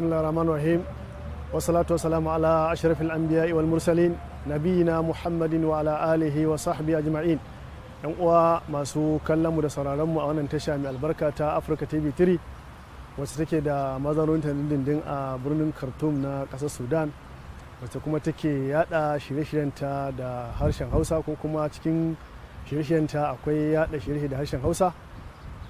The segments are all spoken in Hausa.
bismillahir rahmanir rahim wasalatu wasalamu ala ashrafil anbiya wal mursalin nabiyina muhammadin wa ala alihi wa yan uwa masu kallon mu da sauraron mu a wannan tasha mai albarka ta afirka TV 3 wacce take da ta dindindin a birnin Khartoum na kasar Sudan wacce kuma take yada shirye-shiryenta da harshen Hausa ko kuma cikin shirye-shiryenta akwai yada shirye da harshen Hausa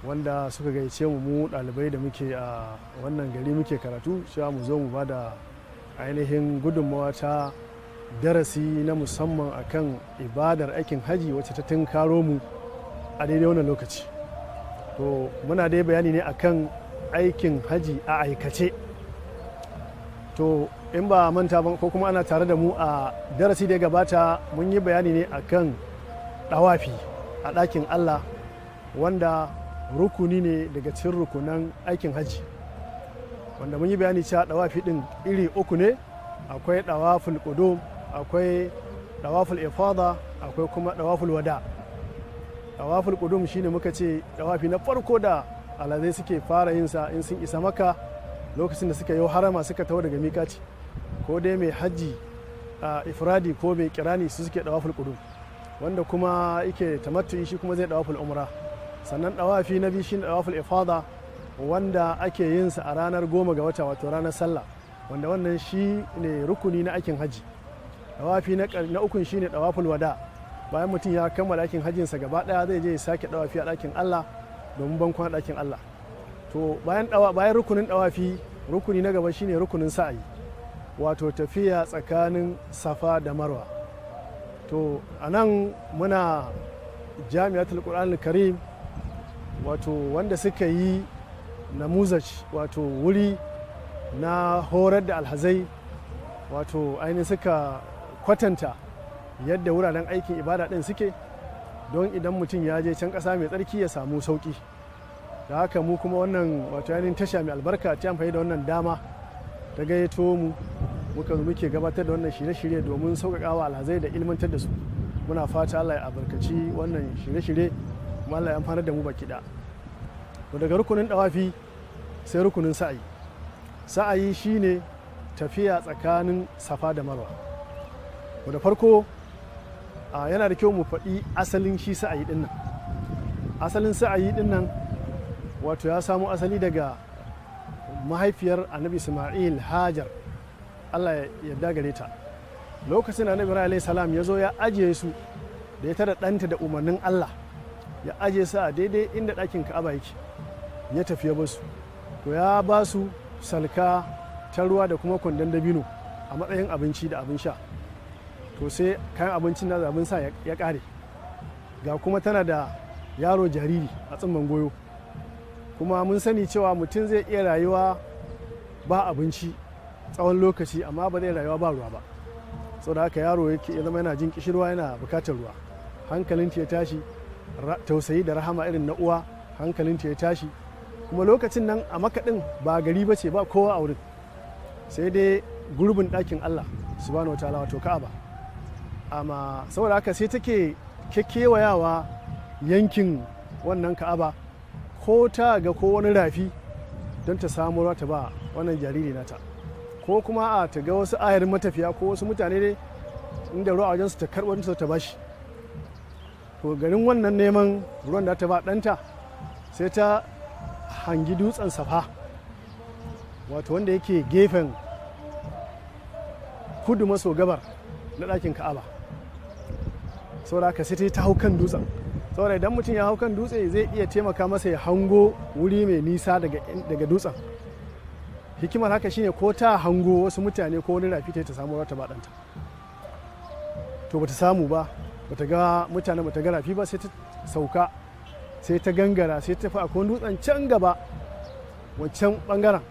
wanda suka gaice mu mu ɗalibai da muke a wannan gari muke karatu cewa mu zo mu ba da ainihin gudunmawa ta darasi na musamman akan ibadar aikin haji wacce ta tunkaro mu a daidai wannan lokaci to muna dai bayani ne akan aikin haji a aikace to in ba manta ba ko kuma ana tare da mu a darasi da ya gabata mun yi bayani ne akan dawafi a ɗakin allah wanda rukuni ne daga cikin rukunan aikin hajji wanda mun yi bayani cewa dawafi din iri uku ne akwai dawaful qudum akwai dawaful ifada akwai kuma dawaful wada dawaful qudum shine muka ce dawafi na farko da alazai suke fara yin sa in sun isa maka lokacin da suka yi harama suka tawo daga mikaci ko dai mai hajji a ifradi ko mai kirani su suke dawaful qudum wanda kuma yake tamattu shi kuma zai dawaful umra sannan dawafi na biyu shine dawaful ifada wanda ake yin sa a ranar goma ga wata wato ranar sallah wanda wannan shi ne rukuni na aikin haji dawafi na ukun shine dawaful wada bayan mutum ya kammala aikin sa gaba daya zai je ya sake dawafi a dakin Allah domin bankon dakin Allah to bayan bayan rukunin dawafi rukuni na gaba shine rukunin sa'ayi wato tafiya tsakanin safa da marwa to anan muna jami'atul qur'anul karim wato wanda suka yi namuzaj wato wuri na horar da alhazai wato ainihin suka kwatanta yadda wuraren aikin ibada ɗin suke don idan mutum ya je can ƙasa mai tsarki ya samu sauki. da haka mu kuma wannan wato yanin tasha mai albarka ta amfani da wannan dama ta gayyato mu muka zo muke gabatar da wannan shirye-shirye domin sauƙaƙa wa alhazai da ilmantar da su muna fata Allah ya albarkaci wannan shirye-shirye kuma Allah ya amfanar da mu baki ɗaya to daga rukunin dawafi sai rukunin sa'ayi sa'ayi shine tafiya tsakanin safa da marwa da farko yana da kyau mu faɗi asalin shi sa'ayi din nan asalin sa'ayi din nan wato ya samo asali daga mahaifiyar annabi isma'il hajar allah ya yarda gare ta lokacin annabi ibrahim salam ya zo ya ajiye su da ya tara ɗanta da umarnin allah ya ajiye su a daidai inda ɗakin ka'aba yake ya tafi ya basu to ya ba su salka ta ruwa da kuma kwandon dabino a matsayin abinci da abin sha to sai kayan abincin na abin sa ya kare ga kuma tana da yaro jariri a tsimman goyo kuma mun sani cewa mutum zai iya rayuwa ba abinci tsawon lokaci amma ba zai rayuwa ba ruwa ba saboda haka yaro ya zama yana jin kishirwa yana bukatar ruwa hankalinta ya tashi tausayi da rahama irin na uwa hankalinta ya tashi kuma lokacin nan a makaɗin ba gari ba ce ba kowa a wurin sai dai gurbin ɗakin allah subhanahu wataala wato ka'aba amma saboda haka sai take kekewayawa yankin wannan ka'aba ko ta ga ko wani rafi don ta samu ta ba wannan jariri nata ko kuma a ta ga wasu ayar matafiya ko wasu mutane ne inda ruwa wajensu ta karɓar su ta bashi to garin wannan neman ruwan da ta ba ɗanta sai ta hangi dutsen safa wato wanda yake gefen kudu maso gabar na ɗakin ka'aba saboda ka sai ta hau kan dutsen saboda idan mutum ya hau kan dutse zai iya taimaka masa ya hango wuri mai nisa daga dutsen hikimar haka shine ko ta hango wasu mutane ko wani rafi ta samu wata baɗanta to bata samu ba bata ga mutane bata ga rafi ba sai ta sauka sai ta gangara sai ta tafi akwai dutsen can gaba wancan bangaren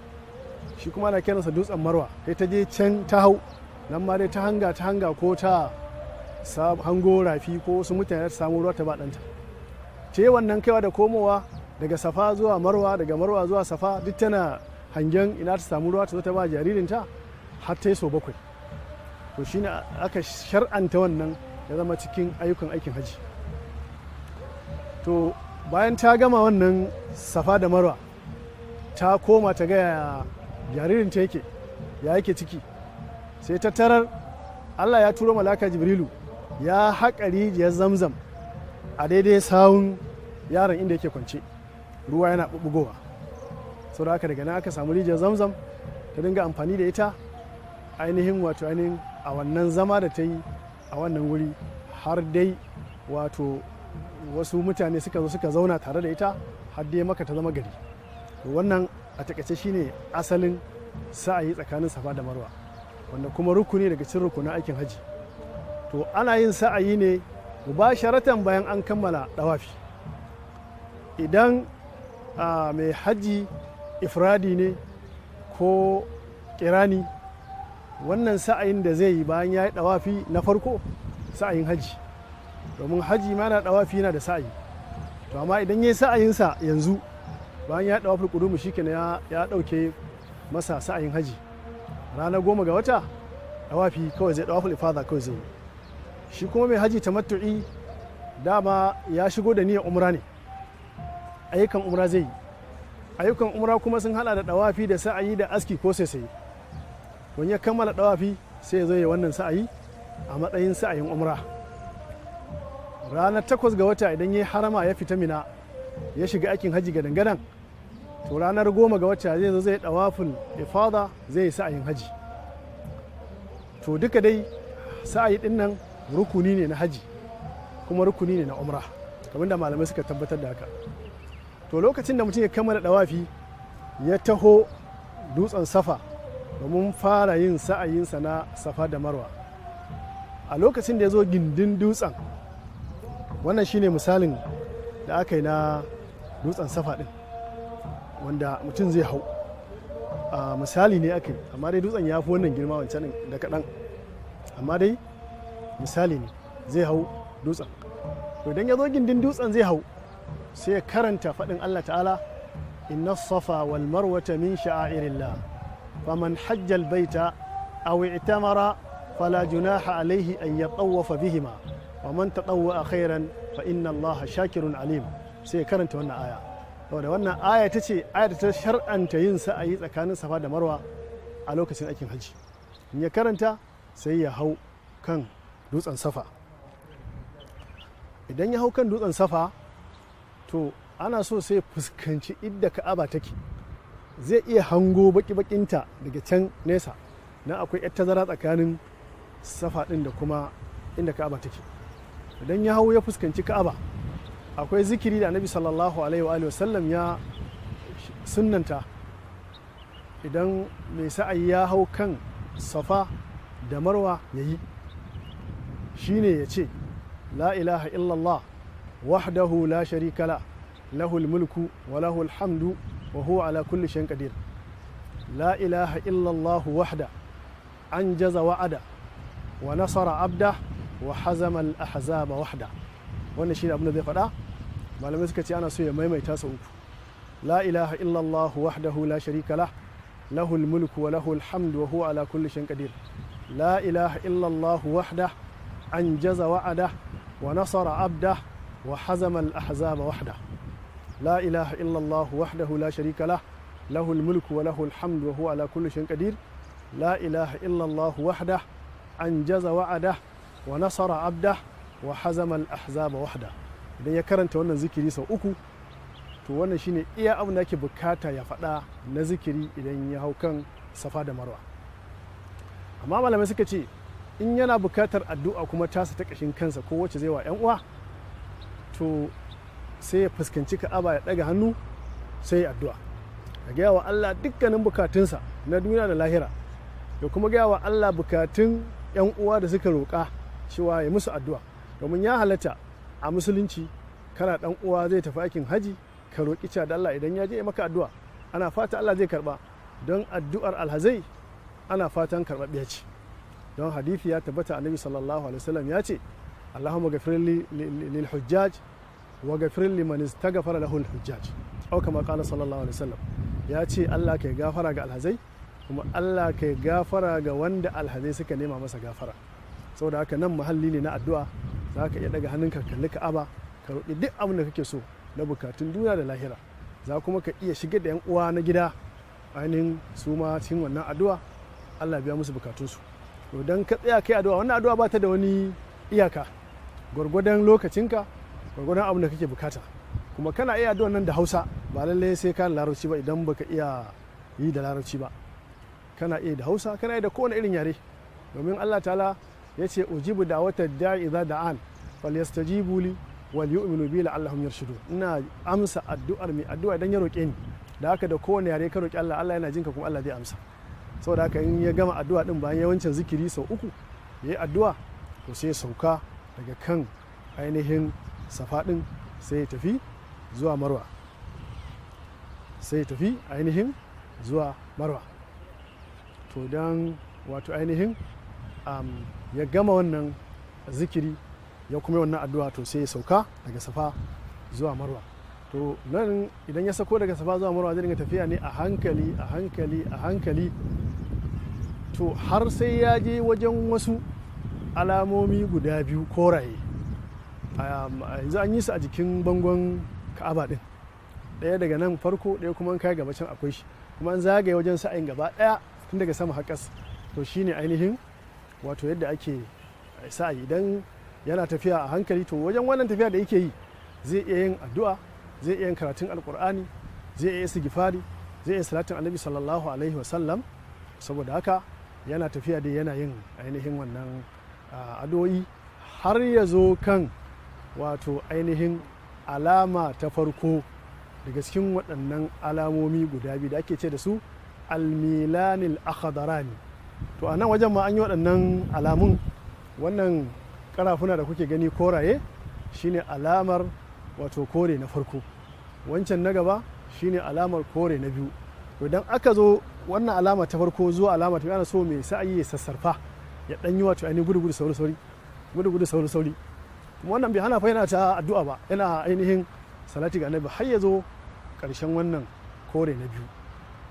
shi kuma ana kiransa dutsen marwa sai ta je can ta hau nan ma dai ta hanga ta hanga ko ta hango rafi ko wasu mutane ta samu ruwa ta ba ce wannan kaiwa da komowa daga safa zuwa marwa daga marwa zuwa safa duk tana hangen ina ta samu ruwa ta zo ta ba jaririnta har ta yi so bakwai to shi ne aka shar'anta wannan ya zama cikin ayyukan aikin haji to bayan ta gama wannan safa da marwa ta koma ta gaya jaririn ta yake ya yake ciki sai ta tarar allah ya turo malaka jibrilu ya haƙa rijiyar zamzam a daidai sawun yaron inda yake kwance ruwa yana bubugowa sau da haka daga nan aka samu rijiyar zamzam ta dinga amfani da ita ainihin wato ainihin a wannan zama da ta yi a wannan wuri har dai wato wasu mutane suka zo suka zauna tare da ita har dai maka ta zama gari wannan a takaice shine asalin sa'ayi tsakanin safa da marwa wanda kuma rukuni daga cikin rukunin aikin haji to ana yin sa'ayi ne mubasharatan bayan an kammala dawafi idan mai haji ifradi ne ko kirani wannan sa'ayin da zai yi bayan ya yi dawafi na farko sa'ayin haji domin haji ma na dawafi yana da sa'ayi to amma idan ya yayi sa'ayinsa yanzu bayan ya dawafi kudumu shikenan ya ya dauke masa sa'ayin haji ranar goma ga wata dawafi kawai zai dawafi ifada kawai zai shi kuma mai haji tamattu'i dama ya shigo da niyyar umra ne ayyukan umra zai yi ayyukan umra kuma sun hada da dawafi da sa'ayi da aski ko sai to ya kammala dawafi sai ya zo ya wannan sa'ayi a matsayin sa'ayin umra ranar takwas ga wata idan ya harama ya fita mina ya shiga aikin haji ga dangadan to ranar goma ga wata zai zo zai ya ifada zai yi sa'ayin haji to duka dai sa'ayi din nan rukuni ne na haji kuma rukuni ne na umra kamar da malamai suka tabbatar da haka to lokacin da mutum ya kammala dawafi ya taho dutsen safa domin fara yin sa'ayinsa na safa da marwa a lokacin da ya zo gindin dutsen wannan shine misalin da aka yi na dutsen safa din wanda mutum zai hau a misali ne aka yi amma dai dutsen ya fi wannan girma wancan da kaɗan amma dai misali ne zai hau dutsen to idan ya zo gindin dutsen zai hau sai ya karanta faɗin allah ta'ala inna safa wal marwata min sha'airillah faman hajjal baita aw i'tamara fala junaha alaihi an yatawafa bihima wa man tadawwa khairan fa inna allaha shakirun alim sai karanta wannan aya da wannan aya ta ce aya ta shar'anta yin sa'ayi tsakanin safa da marwa a lokacin aikin hajji in ya karanta sai ya hau kan dutsen safa idan ya hau kan dutsen safa to ana so sai fuskanci idda ka'aba take zai iya hango baki-bakinta daga can nesa na akwai 'yar tazara tsakanin safa ɗin da kuma inda ka'aba take idan ya hau ya fuskanci ka'aba akwai zikiri da annabi sallallahu alaihi wa sallam ya sunnanta idan mai sa'ayi ya hau kan safa da marwa ya yi shine ya ce la ilaha illallah wahdahu la sharika la lahul mulku wa lahul hamdu wa huwa ala kulli shan qadir la ilaha illallah wahda an jaza wa'ada wa nasara abda wa hazama da ahzaba wahda wannan shine abin da zai faɗa malamai suka ce ana so ya maimaita sa uku la ilaha illallah wahdahu la sharika lah lahul mulku wa lahul hamdu wa ala kulli shay'in qadir la ilaha illallah wahdah anjaza wa'ada wa nasara abda wa hazama da ahzaba wahda la ilaha illallah wahdahu la sharika lah lahul mulku wa lahul hamdu wa ala kulli shay'in qadir la ilaha anjaza wa'adah wa nasara abda wa al ahzaba wahda idan ya karanta wannan zikiri sau uku to wannan shine iya abin da ake bukata ya faɗa na zikiri idan ya hau kan safa da marwa amma malamai suka ce in yana bukatar addu'a kuma tasa ta ƙashin kansa ko wacce zai wa 'yan uwa to sai ya fuskanci ka'aba ya ɗaga hannu sai ya addu'a ya gaya wa Allah dukkanin bukatunsa na duniya da lahira ya kuma gaya wa Allah bukatun 'yan uwa da suka roƙa cewa ya musu addu'a domin ya halatta a musulunci kana dan uwa zai tafi aikin haji ka roƙi cewa da Allah idan ya je maka addu'a ana fata Allah zai karba don addu'ar alhazai ana fatan karɓaɓɓiya ce don hadithi ya tabbata annabi sallallahu alaihi wasallam ya ce Allahumma ghafir lil hujjaj wa ghafir man istaghfara lahu al hujjaj aw kama qala sallallahu alaihi wasallam ya ce Allah kai gafara ga alhazai kuma Allah kai gafara ga wanda alhazai suka nema masa gafara saboda haka nan muhalli ne na addu'a za ka iya daga hannunka kalli ka'aba ka roƙi duk abin da kake so na bukatun duniya da lahira za kuma ka iya shiga da yan uwa na gida ainihin su ma cikin wannan addu'a Allah biya musu bukatunsu to dan ka tsaya kai addu'a wannan addu'a ba da wani iyaka gwargwadon lokacinka gwargwadon abin da kake bukata kuma kana iya addu'a nan da Hausa ba lallai sai ka larabci ba idan baka iya yi da larabci ba kana iya da Hausa kana iya da kowane irin yare domin Allah ta'ala ya ce ujibu da wata da'i idza da'an fal yastajibu buli wal yu'minu bi la'allahum yarshudu ina amsa addu'ar mai addu'a idan ya roƙe ni da haka da kowane yare ka roki Allah Allah yana jinka kuma Allah zai amsa saboda haka in ya gama addu'a din bayan yawancin zikiri sau uku yi addu'a to sai sauka daga kan ainihin safa din sai ya tafi zuwa marwa sai ya tafi ainihin zuwa marwa to don wato ainihin um, ya gama wannan zikiri ya kuma wannan addu'a to sai ya sauka daga safa zuwa marwa to nan idan ya sako daga safa zuwa marwa zai dinga tafiya ne a hankali a hankali a hankali to har sai ya je wajen wasu alamomi guda biyu koraye yanzu an yi su a jikin bangon ka'aba din ɗaya daga nan farko ɗaya kuma an kai gaba can akwai shi kuma an zagaye wajen sa'ayin gaba ɗaya tun daga sama haƙas to shine ainihin wato yadda ake sa idan yana tafiya a hankali to wajen wannan tafiya da yake yi zai iya yin addu'a zai iya yin karatun alkur'ani zai iya gifari zai iya salatin annabi sallallahu alaihi wasallam saboda haka yana tafiya da yana yin ainihin wannan ah, addu'o'i har ya zo kan wato ainihin alama ta farko daga cikin waɗannan alamomi guda biyu da ake ce da su almilanil akhadarani to a nan wajen ma an yi waɗannan alamun wannan karafuna da kuke gani koraye shine alamar wato kore na farko wancan na gaba shine alamar kore na biyu idan aka zo wannan alama ta farko zuwa alama ta ana so mai sa'ayi ya sassarfa ya dan yi wato ainihin gudu sauri sauri gudu sauri sauri kuma wannan bai hana fa yana ta addu'a ba yana ainihin salati ga annabi har ya zo karshen wannan kore na biyu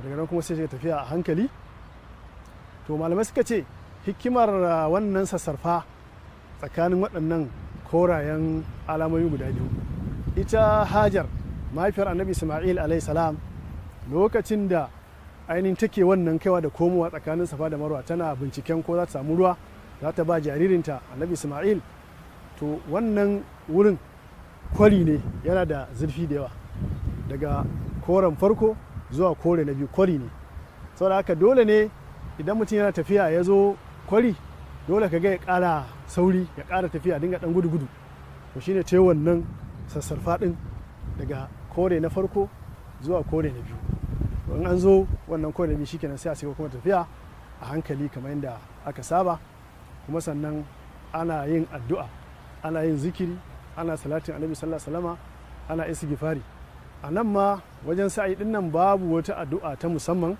daga nan kuma sai ya tafiya a hankali to malamai suka ce hikimar ah, wannan sassarfa tsakanin waɗannan korayen alamomi guda biyu ita hajar mahaifiyar annabi isma'il alaihi salam lokacin da ainihin take wannan kaiwa da komowa tsakanin safa da marwa tana binciken ko za ta samu ruwa za ta ba jaririnta annabi isma'il to wannan wurin kwari ne yana da zurfi da yawa daga koren farko zuwa kore na biyu kwari ne saboda haka dole ne idan mutum yana tafiya ya zo kwari dole ka ga ya ƙara sauri ya ƙara tafiya dinga ɗan gudu-gudu to shine ce wannan sassarfa ɗin daga kore na farko zuwa kore na biyu in an zo wannan kore na biyu shikenan sai a sai kuma tafiya a hankali kamar yadda aka saba kuma sannan ana yin addu'a ana yin zikiri ana salatin annabi sallallahu alaihi ana istighfari a nan ma wajen sa'i ɗin nan babu wata addu'a ta musamman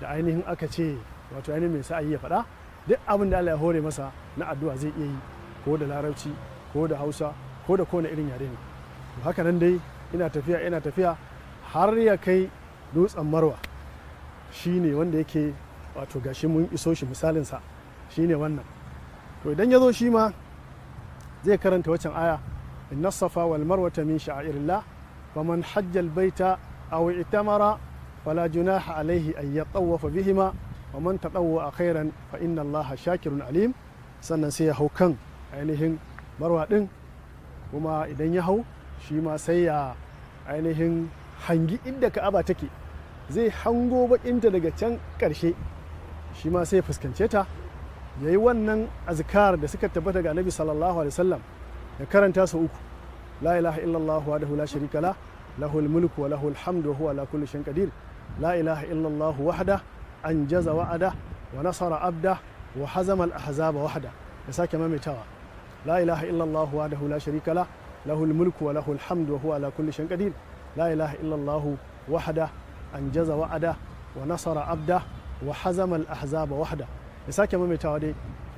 da ainihin aka ce wato ainihin mai sa'ayi ya faɗa duk abin da Allah ya hore masa na addu'a zai iya yi ko da larabci ko da hausa ko da kowane irin yare ne haka nan dai ina tafiya ina tafiya har ya kai dutsen marwa shi ne wanda yake wato gashi mun iso shi misalin shi shine wannan to idan ya zo shi ma zai karanta waccan aya inna safa wal marwata min fa man hajjal baita aw itamara fala junaha alaihi an yatawafa bihima wa man a khairan fa inna shakirun alim sannan sai ya hau kan ainihin barwa din kuma idan ya hau shi ma sai ya ainihin hangi inda ka'aba take zai hango baƙinta daga can karshe shi ma sai ya fuskance ta ya yi wannan azkar da suka tabbata ga nabi sallallahu alaihi wasallam ya karanta su uku la ilaha illallah wahdahu la sharika la lahul mulku wa lahul hamdu wa huwa ala kulli shay'in qadir la ilaha illallah wahda anjaza wa'ada wa nasara abda wa hazama al-ahzaba wahda ya sake mamitawa la ilaha illa illallah wahdahu la sharika la lahul mulku wa lahul hamdu wa huwa ala kulli shay'in qadir la ilaha illa illallah wahda anjaza wa'ada wa nasara abda wa hazama al-ahzaba wahda ya sake mamitawa dai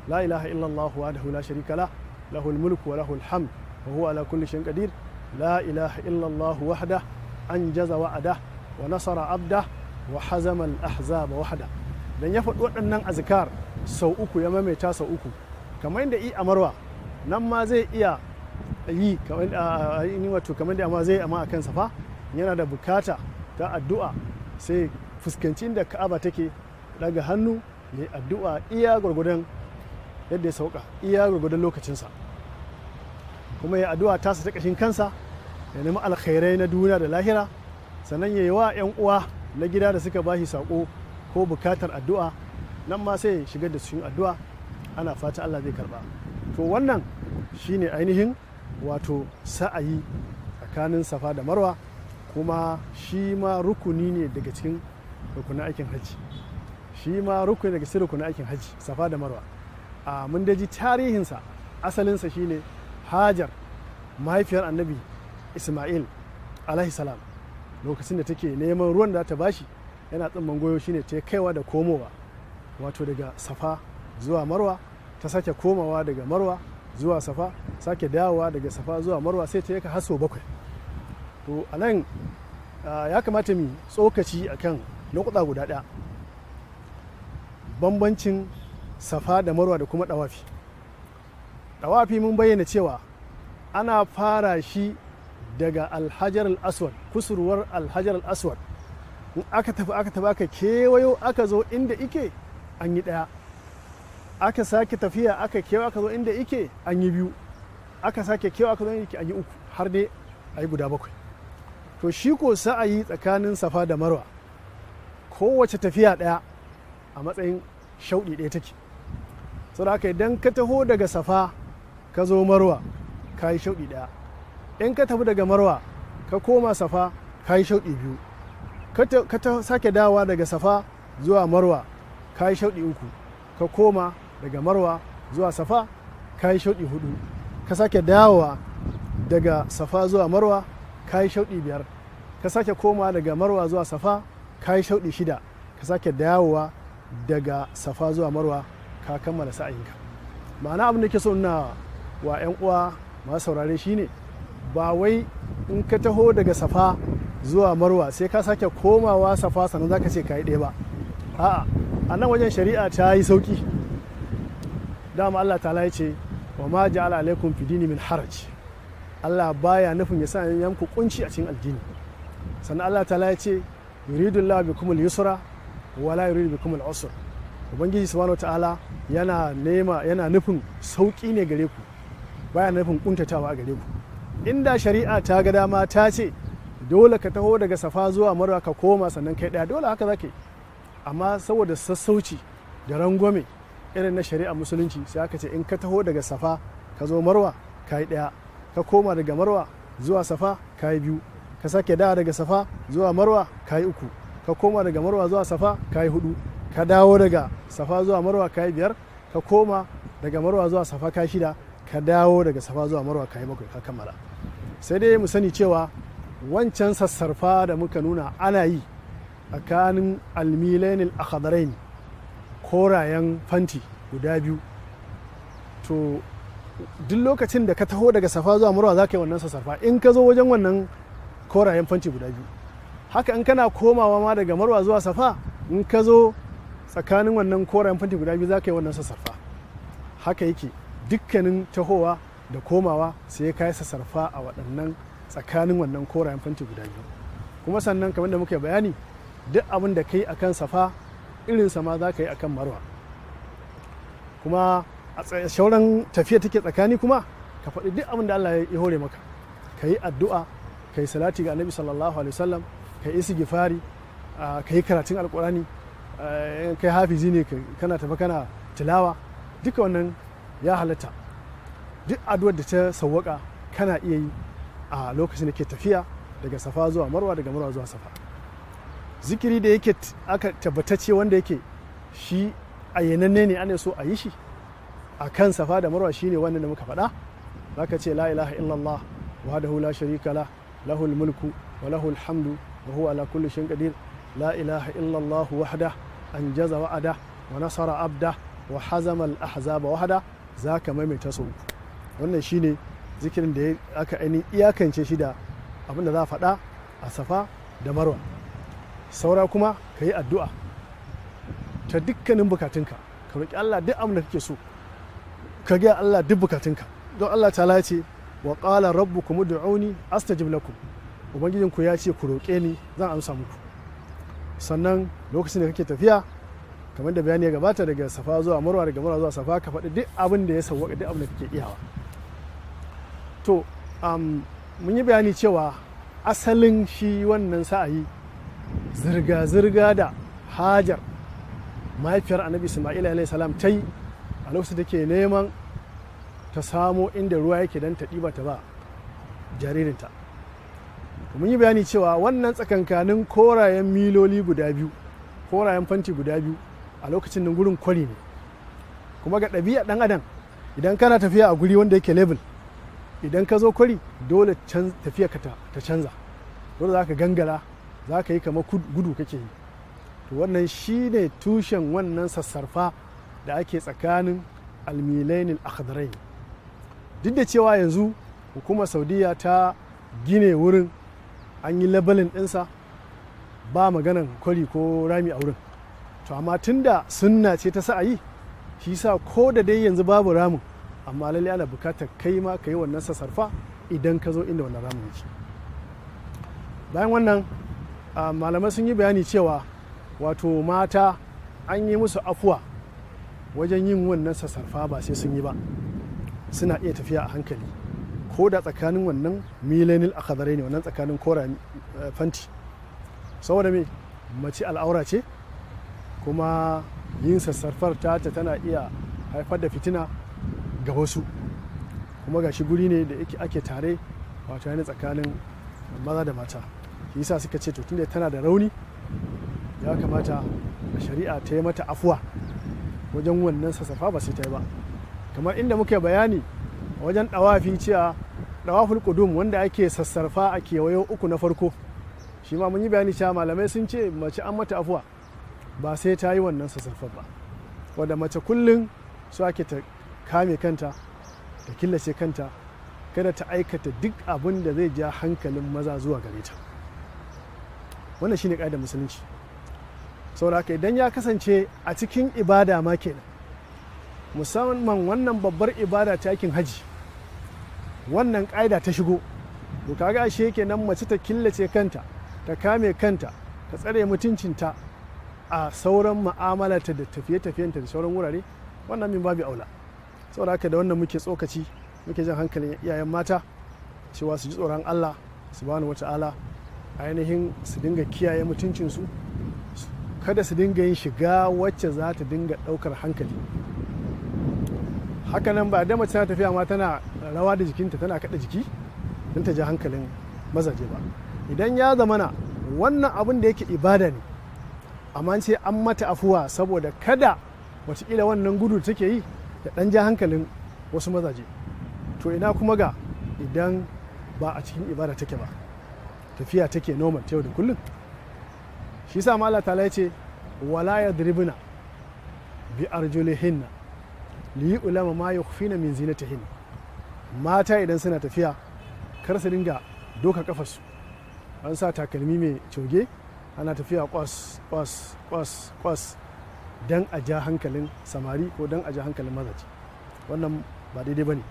la ilaha illa illallah wahdahu la sharika la lahul mulku wa lahul hamdu wa huwa ala kulli shay'in qadir la ilaha illa illallah wahda anjaza wa'ada wa nasara abda wa hazamal ahzaba wahda dan ya faɗi waɗannan azkar sau uku ya maimaita sau uku kamar yadda i amarwa nan ma zai iya yi wato kamar da ma zai amma a kansa fa yana da bukata ta addu'a sai fuskanci inda ka'aba take daga hannu ya addu'a iya gwargwadon yadda ya sauka iya gwargwadon lokacinsa kuma ya addu'a tasa ta kashin kansa ya nemi alkhairai na duniya da lahira sannan ya yi wa 'yan uwa na gida da suka bashi sako ko bukatar addu'a nan ma sai shigar da su addu'a ana fata Allah zai karba to wannan shine ainihin wato sa'ayi tsakanin safa da marwa kuma shi ma rukuni ne daga cikin rukunin aikin hajji shi ma rukuni daga cikin rukunin aikin hajji safa da marwa a mun daji tarihinsa asalinsa shine hajar mahaifiyar annabi ismail alaihi salam lokacin da take neman ruwan da ta bashi yana tsimman goyo shine ta kaiwa da komowa wato daga safa zuwa marwa ta sake komawa daga marwa zuwa safa sake dawowa daga safa zuwa marwa sai ta yaka haso bakwai to a nan ya kamata mu tsokaci akan lokuta guda ɗaya bambancin safa da marwa da kuma ɗawafi ɗawafi mun bayyana cewa ana fara shi daga alhajar al-aswad kusurwar alhajar al-aswad in aka tafi aka tafi aka kewayo aka zo inda ike an yi ɗaya aka sake tafiya aka kewa aka zo inda ike an yi biyu aka sake kewa aka zo inda ike an yi uku har dai a yi guda bakwai to shi ko sa'ayi tsakanin safa da marwa kowace tafiya ɗaya a matsayin shauɗi ɗaya take saboda haka idan ka taho daga safa ka zo marwa ka yi shauɗi ɗaya in ka tafi daga marwa ka koma safa ka yi shauɗi biyu ka ta sake dawa daga safa zuwa marwa ka yi shauɗi uku ka koma daga marwa zuwa safa ka yi shauɗi hudu ka sake dawowa daga safa zuwa marwa ka yi shauɗi biyar ka sake koma daga marwa zuwa safa ka yi shauɗi shida ka sake dawowa daga safa zuwa marwa ka kammala sa'ayinka ma'ana abin da ke so na wa 'yan uwa masu saurare shine ba wai in ka taho daga safa zuwa marwa sai ka sake komawa safa sannan za ka ce ka yi ɗaya ba a'a a nan wajen shari'a ta yi sauki dama allah ta lai ce wa ma ja'ala alaikum fidini min haraj allah baya nufin ya sa yanku kunci a cikin aljini sannan allah ta lai ce yuridullahu bikum al-yusra wala yuridu bikum al-usra ubangiji subhanahu ta'ala yana nema yana nufin sauki ne gare ku baya nufin kuntatawa a gare ku inda shari'a ta ga dama ta ce dole ka taho daga safa zuwa marwa ka koma sannan kai daya dole haka zake amma saboda sassauci da rangwame irin na shari'a musulunci sai aka ce in ka taho daga safa ka zo marwa ka yi daya ka koma daga marwa zuwa safa ka yi biyu ka sake da daga safa zuwa marwa ka yi uku ka koma daga marwa zuwa safa ka yi hudu ka dawo daga safa zuwa marwa ka yi biyar ka koma daga marwa zuwa safa ka shida ka dawo daga safa zuwa marwa ka yi bakwai ka kammala sai dai mu sani cewa wancan sassarfa da muka nuna ana yi tsakanin almilenil akhadarain korayen fanti guda biyu to duk lokacin da ka taho daga safa zuwa marwa za ka yi wannan sassarfa in ka zo wajen wannan korayen fanti guda biyu haka in kana komawa ma daga marwa zuwa safa in ka zo tsakanin wannan korayen fanti guda biyu za ka yi wannan sassarfa haka yake dukkanin tahowa da komawa sai ka yi sassarfa a waɗannan tsakanin wannan korayen fanti guda biyu kuma sannan kamar da muka bayani duk abin da ka yi akan safa irin sama za ka yi akan marwa kuma a shauran tafiya take tsakani kuma ka faɗi duk abin da Allah ya hore maka ka yi addu'a ka yi salati ga annabi sallallahu alaihi wasallam ka yi sigifari ka yi karatun alkurani kai hafizi ne kana tafi kana tilawa duka wannan ya halatta duk addu'ar da ta sawwaka kana iya yi a lokacin da ke tafiya daga safa zuwa marwa daga marwa zuwa safa zikiri da yake aka tabbatacce wanda yake shi ayyananne ne ana so a yi shi a kan safa da marwa shine wannan da muka faɗa zaka ce la ilaha illallah wahdahu la sharika la lahul mulku wa lahul hamdu wa huwa ala kulli shay'in qadir la ilaha illallah wahda anjaza wa'ada wa nasara abda wa hazama al ahzaba wahda za ka maimaita sau uku wannan shine zikirin da aka ainihin iyakance shi da abin za a faɗa a safa da marwa saura kuma ka yi addu'a ta dukkanin bukatunka ka roƙi allah duk abin da kake so ka gaya allah duk bukatunka don allah ta lace wa ƙala rabbu kuma da'uni astajib lakum ubangijinku ya ce ku roƙe ni zan amsa muku sannan lokacin da kake tafiya kamar da bayani ya gabata daga safa zuwa marwa daga marwa zuwa safa ka faɗi duk abin da ya sauwaka duk abin da kake iyawa to mun yi bayani cewa asalin shi wannan sa'ayi zirga-zirga da hajar mahaifiyar annabi isma'ila alaihi salam ta yi a lokacin da ke neman ta samo inda ruwa yake don ta ɗiba ta ba jaririnta mun yi bayani cewa wannan tsakankanin korayen miloli guda biyu korayen fanti guda biyu a lokacin nan gurin kwari ne kuma ga ɗabi'a ɗan adam idan kana tafiya a guri wanda yake level idan ka zo kwari dole tafiya ka ta canza dole za ka gangara za ka yi kamar gudu kake yi to wannan shi ne tushen wannan sassarfa da ake tsakanin almilainil akhdarai duk da cewa yanzu hukumar saudiya ta gine wurin an yi labalin ɗinsa ba maganan kwari ko rami a wurin to amma da sunna ce ta sa'ayi shi sa ko da dai yanzu babu ramin amma lalle ana bukatar kai ma ka yi wannan sassarfa idan ka zo inda wannan ramin yake bayan wannan malamai sun yi bayani cewa wato mata an yi musu afuwa wajen yin wannan sassarfa ba sai sun yi ba suna iya tafiya a hankali ko da tsakanin wannan milenil a ne wannan tsakanin kora eh, fanti saboda me mace al'aura ce kuma yin sassarfar tata tana iya haifar da fitina ga wasu kuma ga shi guri ne da ake tare wato yana tsakanin maza da mata shi yasa suka ce to da tana da rauni ya kamata a shari'a ta yi mata afuwa wajen wannan sassafa ba sai ta yi ba kamar inda muke bayani a wajen dawafi cewa dawaful kudum wanda ake sassarfa a kewayo uku na farko shi ma mun yi bayani cewa malamai sun ce mace an mata afuwa ba sai ta yi wannan sassafa ba wadda mace kullum su ake ta kame kanta ta killace kanta kada ta aikata duk abin da zai ja hankalin maza zuwa gare ta wannan shine ƙa'idar musulunci saboda idan ya kasance a cikin ibada ma kenan musamman wannan babbar ibada ta yakin haji wannan ƙa'ida ta shigo to kaga ashe kenan mace ta killace kanta ta kame kanta ta tsare mutuncinta a sauran ma'amalata da tafiye-tafiyenta da sauran wurare wannan min babu aula saboda haka da wannan muke tsokaci muke jan hankalin iyayen mata cewa su ji tsoron Allah su bani wata ala, ainihin su dinga kiyaye mutuncinsu kada su dinga yin shiga wacce za ta dinga ɗaukar hankali hakanan ba da mace tana tafiya ma tana rawa da jikinta tana kaɗa jiki don ta ji hankalin mazaje ba idan ya zamana wannan abin da yake ibada ne amma ce an mata afuwa saboda kada watakila wannan gudu take yi da ɗan ja hankalin wasu mazaje to ina kuma ga idan ba a cikin ibada take ba tafiya take normal ta yau da kullum shi sa ma ta ya ce wala yadribuna bi arjulihinna li ulama ma yukhfina min zinatihinna mata idan suna tafiya kar su dinga doka kafarsu an sa takalmi mai coge ana tafiya kwas kwas kwas kwas don a ja hankalin samari ko don a ja hankalin mazaje wannan ba daidai ba ne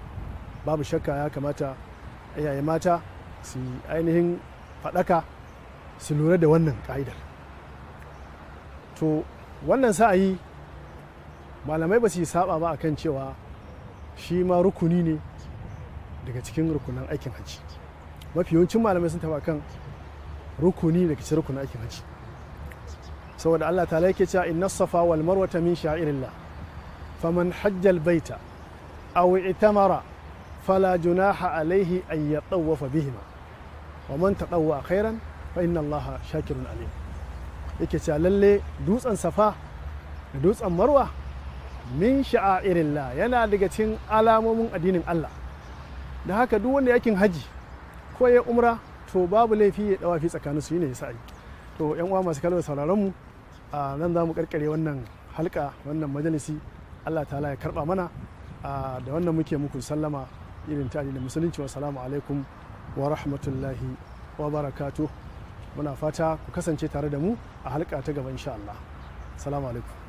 babu shakka ya kamata iyaye mata su ainihin faɗaka su lura da wannan ka'idar to wannan sa'ayi malamai ba su yi saba ba akan cewa shi ma rukuni ne daga cikin rukunan aikin hajji mafi yawancin malamai sun taba kan rukuni daga cikin rukunin aikin haji. saboda Allah ta yake cewa inna safa wal marwata min sha'irillah faman hajja al baita aw itamara fala junaha alaihi an yatawafa bihima wa man tatawwa khairan fa inna Allah shakirun alim yake cewa lalle dutsen safa da dutsen marwa min sha'irillah yana daga cikin alamomin addinin Allah da haka duk wanda yakin haji ko ya umra so babu laifi ya fi tsakanin su ne ya yi to yan uwa masu kalmar sauraron mu a nan za mu karkare wannan halka wannan majalisi Allah ta'ala ya karba mana da wannan muke muku sallama irin ta da musulunci wa salamu alaikum wa rahmatullahi wa barakatuh muna fata ku kasance tare da mu a halka ta gaba insha Allah salamu alaikum